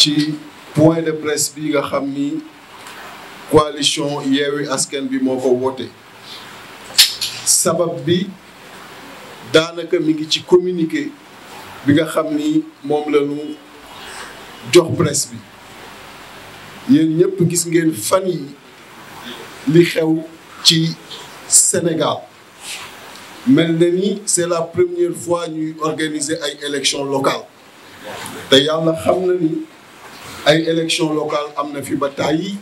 ci point de presse bi nga xam ni coalition Yewwi Askan bi moo ko woote sabab bi daanaka mi ngi ci communiqué bi nga xam ni moom la ñu jox presse bi yéen ñëpp gis ngeen fan yi li xew ci Sénégal mel na ni c'est la première fois ñuy organiser ay élections locales te yàlla xam na ni ay élection locale am na fi ba tàyyi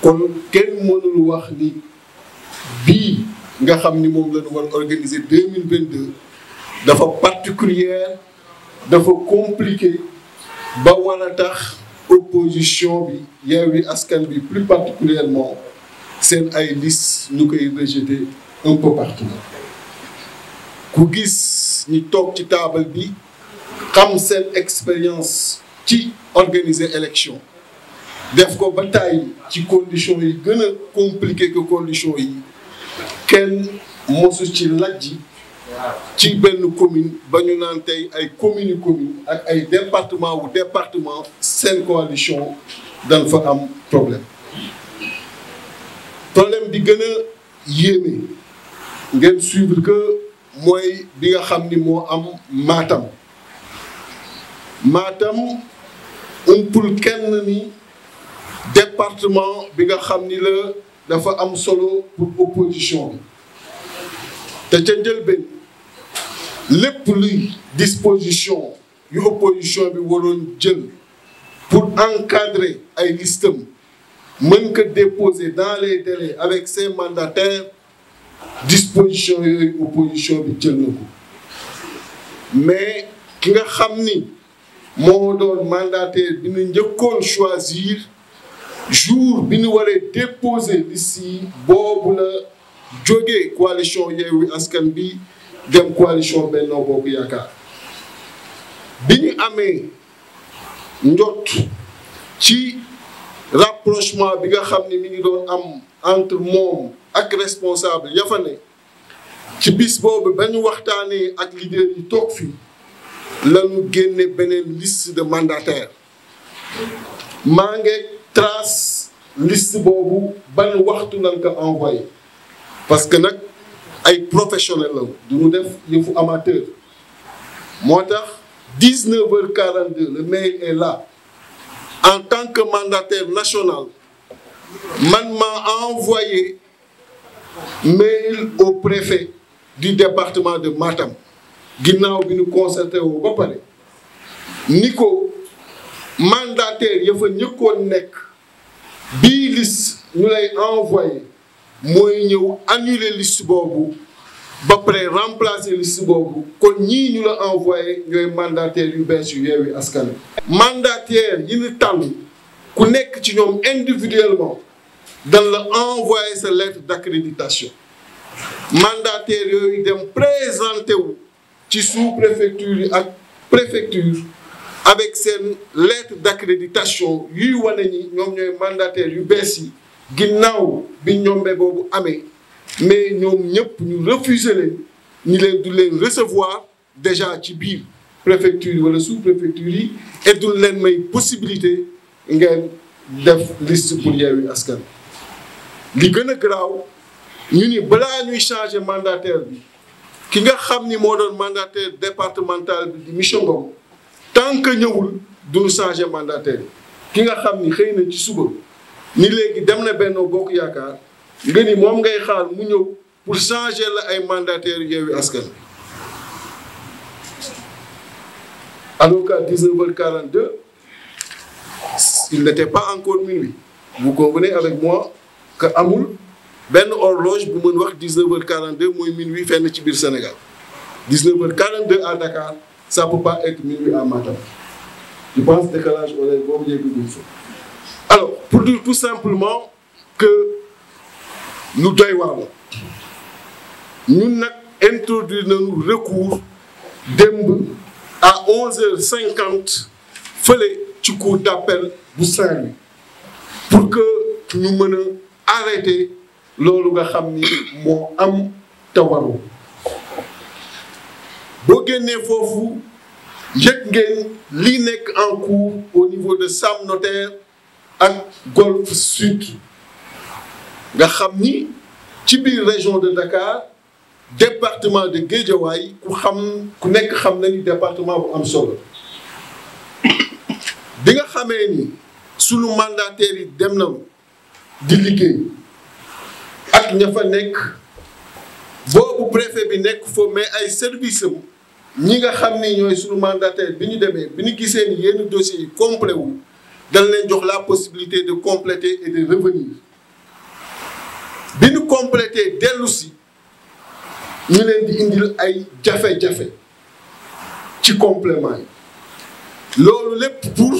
kon kenn mënul wax ni bii nga xam ni moom la ñu war organiser deux mille dafa particulière dafa compliqué ba war a tax opposition bi Yewwi Askan bi plus particulièrement seen ay liste ñu koy rejeter un peu partout ku gis ñi toog ci taabal bi xam seen expérience ci organiser élection def ko ba tàyyi ci condition yi gën a compliqué que yi kenn mosu ci lajji ci benn commune ba ñu naan tey ay commune yu commune ak ay département wu département seen coalition dañ fa am problème problème bi gën a yéeme ngeen suivre que mooy bi nga xam ni moo am Matam Matam umpul kenn ni département bi nga xam ni la dafa am solo pour opposition bi te ca njëlbéen lépp luy disposition yu opposition bi waroon jël pour encadrer ay listam mën ko déposer dans les délais avec ses mandataires disposition yooyu opposition bi jël na ko mais ki nga xam ni moo doon mandataire bi ñu njëkkoon choisir jour bi ñu waree déposer liste yi boobu la jógee coalition Yewwi Askan Wi dem coalition Benno Bokk Yaakaar bi ñu amee njot ci rapprochement bi nga xam ni mi ngi doon am entre moom ak responsable ya ci bis boobu ba ñu waxtaanee ak leader yi toog fii lañu génne beneen liste de mandataires maa ngi trace liste boobu ban waxtu lañ ko envoyé parce que nag ay professionnel la du ñu def yëfu amateur moo tax 19 heures 42 le mail est là en tant que mandataire national man ma envoyé mail au préfet du département de Matam ginnaaw bi ñu concerté wu ba pare ni ko mandataire ya fa ñëkkoon nekk bii liste ñu lay envoyé mooy ñëw annuler liste boobu ba pare remplacer liste boobu kon ñii ñu la envoyé ñooy mandataire yu bees yu Yewwi Askan Wi mandataire yi ñu tànn ku nekk ci ñoom individuellement dan la envoyé sa lettre d' accréditation mandataire dem présenté ci sous-préfecture yi ak préfecture avec seen lettre d'accréditation yuy wane ñi ñoom ñooy mandataires yu bees yi ginnaaw bi ñombe boobu amee mais ñoom ñëpp ñu refuser leen ñu leen du leen recevoir déjà ci biir préfecture yi wala sous-préfecture yi et leen may possibilité ngeen def liste pour Yewwi Askan li gën a garaaw ñu ni balaa ñuy changer mandataire bi ki nga xam ni moo doon mandataire départemental bi di mission Ngom tant que ñëwul duñu changer mandataire ki nga xam ni xëy na ci suba ni léegi dem na benn Bokk Yaakaar nga ni moom ngay xaar mu ñëw pour changer la ay mandataire Yewwi Askan alors qu'à 19h42 il n'était pas encore minuit vous convenez avec moi que amul benn horloge bu mën wax 19 heures 42 mooy minuit fenn ci biir Sénégal 19 heures 42 à Dakar sa peut pas être minuit à Matam je pense décalage horaire boobu yegg duñ fa alors pour dire tout simplement que lu doy waar la nag introduire nañu recours démb à 11 heures 50 fële ci cour d'appel bu saint pour que ñu mën a arrêter loolu nga xam ni moo am te boo génnee foofu yëg ngeen lii nekk en cours au niveau de Sam Notaire ak Golf Sud nga xam ni ci biir région de Dakar département de Guédiawaye ku xam ku nekk xam na ni département bu am solo bi nga xamee ni sunu mandataire yi dem na di liggéey ak ña fa nekk boobu préfet bi nekk fa mais ay service am ñi nga xam ni ñooy suñu bi ñu demee bi ñu gisee ni yenn dossiers complet wu dañ leen jox la possibilité de compléter et de revenir bi ñu complété dellusi ñu leen di indil ay jafe-jafe ci complément yi loolu lépp pour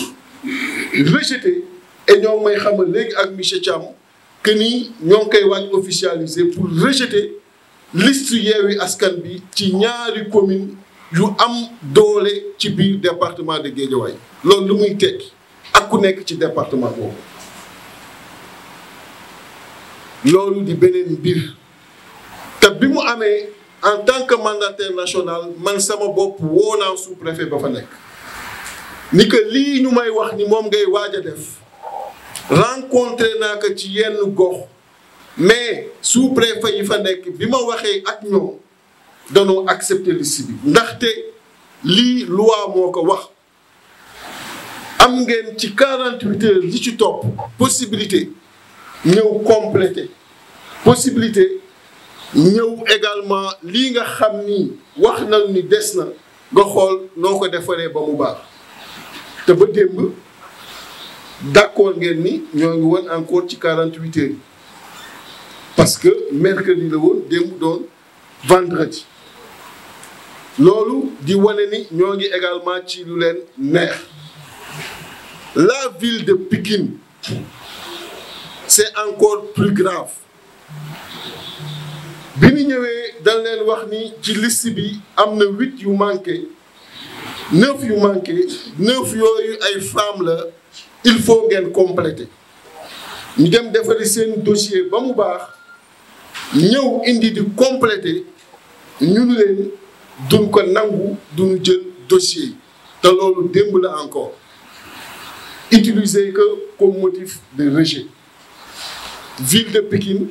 rejeter et ñoom may xamal léegi ak monsieur Thiam que ni ñoo ngi koy wàññi officialiser pour rejeter liste Yewwi Askan Wi ci ñaari commune yu am doole ci biir département de Guédiawaye loolu lu muy tekki ak ku nekk ci département boobu loolu di beneen biir te bi mu amee en tant que mandataire national man sama bopp woo naa sous-préfet ba fa nekk ni que lii ñu may wax ni moom ngay waaj a def rencontré naa ko ci yenn gox mais sous-préfet yi fa nekk bi ma waxee ak ñoom danoo accepter liste bi ndaxte lii loi moo ko wax am ngeen ci 48 heures li ci topp possibilité ñëw complété possibilité ñëw également lii nga xam ni wax nañu ni des na nga xool noo ko defaree ba mu baax te ba démb d'accord ngeen ni ñoo ngi woon encore ci 48 heures parce que mercredi la woon démb doon vendredi loolu di wane ni ñoo ngi également ci lu leen neex la ville de Pikine c'est encore plus grave bi ñu ñëwee dal leen wax ni ci list bi am na huit yu manqué neuf yu manqué neuf yooyu ay femmes la il faut ngeen compléter ñu dem defari seen dossier ba mu baax ñëw indi di compléter ñun leen duñ ko nangu duñu jël dossier te loolu démb la encore utiliser que comme motif de rejet ville de Pikine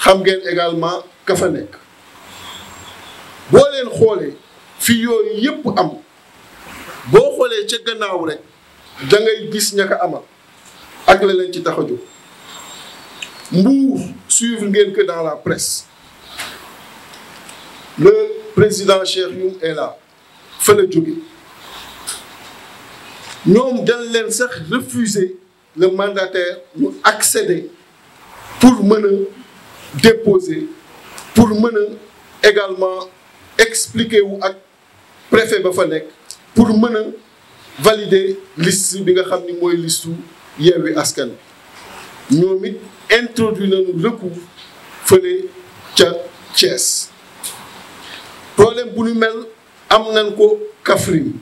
xam ngeen également ka fa nekk boo leen xoolee fi yooyu yépp am boo xoolee ca gannaaw rek da ngay gis ña ko amal ak la leen ci tax a jóg mbuur suivre ngeen que dans la presse le président Cheikh Youm est là fa la jóge ñoom dañ leen sax refuser le mandataire mu accéder pour mën a déposer pour mën a également expliquer wu ak préfet ba fa nekk pour mën a valider liste bi nga xam ni mooy listu Yewwi Askan Wi ñoom it introduit nañu recours fële ca Thiès problème bu ñu mel am nañ ko Kaffrine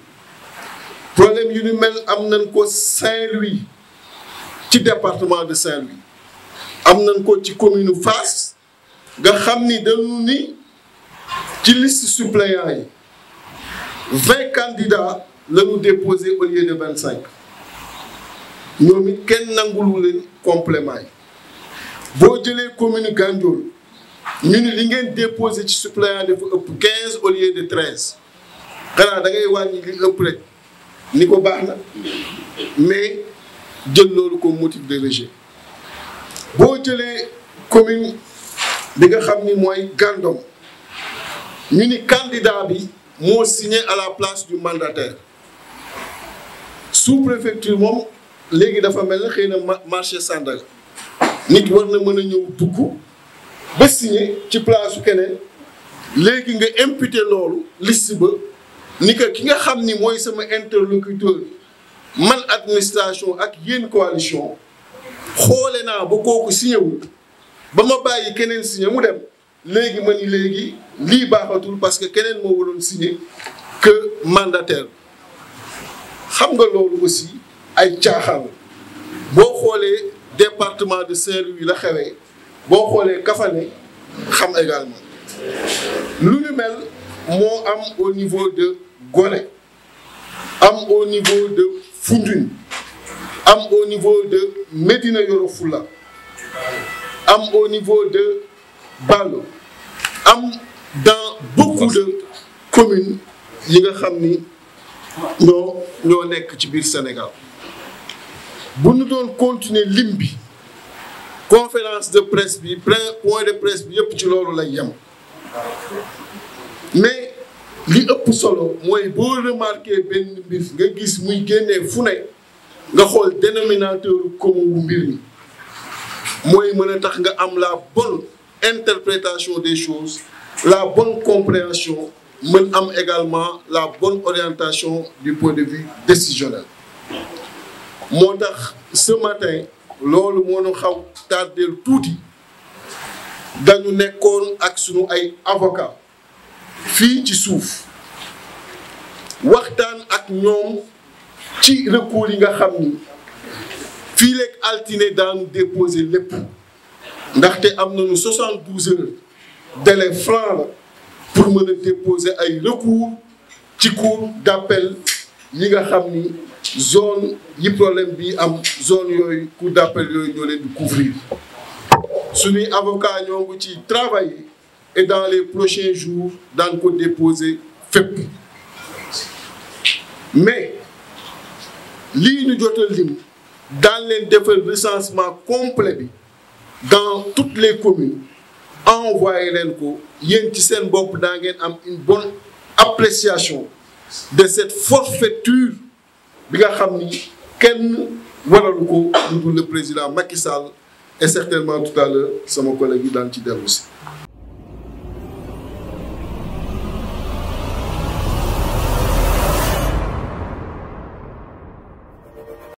problème yu nu mel am nañ ko Saint-Louis ci département de Saint-Louis am nañ ko ci commune Fass nga xam ni dañu ni ci liste suppléant yi vingt lañu déposé au lieu de vingt cinq ñoom it kenn nangulu leen complément yi boo jëlee commune Gandiol ñu ni li ngeen déposé ci suppléant dafa ëpp quinze au lieu de treize xanaa da ngay wàññi li ëpp rek ni ko baax na mais jël loolu comme motif de rejet boo jëlee commune bi nga xam ni mooy Gandon ñu ni candidat bi moo signé à la place du mandataire sous-préfecture moom léegi dafa mel ne xëy na marché Sandaga nit war na mën a ñëw dugg ba signé ci place keneen léegi nga imputé loolu liste ba ni que ki nga xam ni mooy sama interlocuteur man administration ak yéen coalition xoole naa ba kooku signé wul ba ma bàyyi keneen signé mu dem léegi ma ni léegi lii baaxatul parce que keneen moo waroon signé que mandataire xam nga loolu aussi ay caaxaan boo xoolee département de Saint-Louis la xewee boo xoolee Kaffrine xam également lu ñu moo am au niveau de Gorée am au niveau de Foundiougne am au niveau de Médina Yoro Foulah am au niveau de Balo am dans beaucoup de communes yi nga xam ni ñoo nekk ci biir Sénégal bu ñu doon continuer lim bi conférence de presse bi point de presse bi yëpp ci loolu lay yem mais li ëpp solo mooy boo remarqué benn mbir nga gis muy génnee fu ne nga xool dénominateur commun wu mbir mi mooy mën a tax nga am la bonne interprétation des choses la bonne compréhension mën am également la bonne orientation du point de vue décisionnel moo tax ce matin loolu moo nu xaw tardeel tuuti dañu nekkoon ak sunu ay avocat fii ci suuf waxtaan ak ñoom ci recours yi nga xam ni fii leeg altine daanu déposer lépp ndaxte am nañu 72 heures délai franc la pour mën a déposer ay recours ci cour d'appel yi nga xam ni zone yi problème bi am zone yooyu cour d'appel yooyu ñoo leen di couvrir suñuy avocat ñoo ngi ci travailler et dans les prochains jours daan ko déposer fépp mais lii ñu jot a lim daan leen defal recensement complet bi dans toutes les communes envoyé leen ko yéen ci seen bopp daa ngeen am une bonne appréciation de cette forfaiture bi nga xam ni kenn waralu ko lu le président Macky Sall et certainement tout à l'heure sama collègue yi daan ci dellu si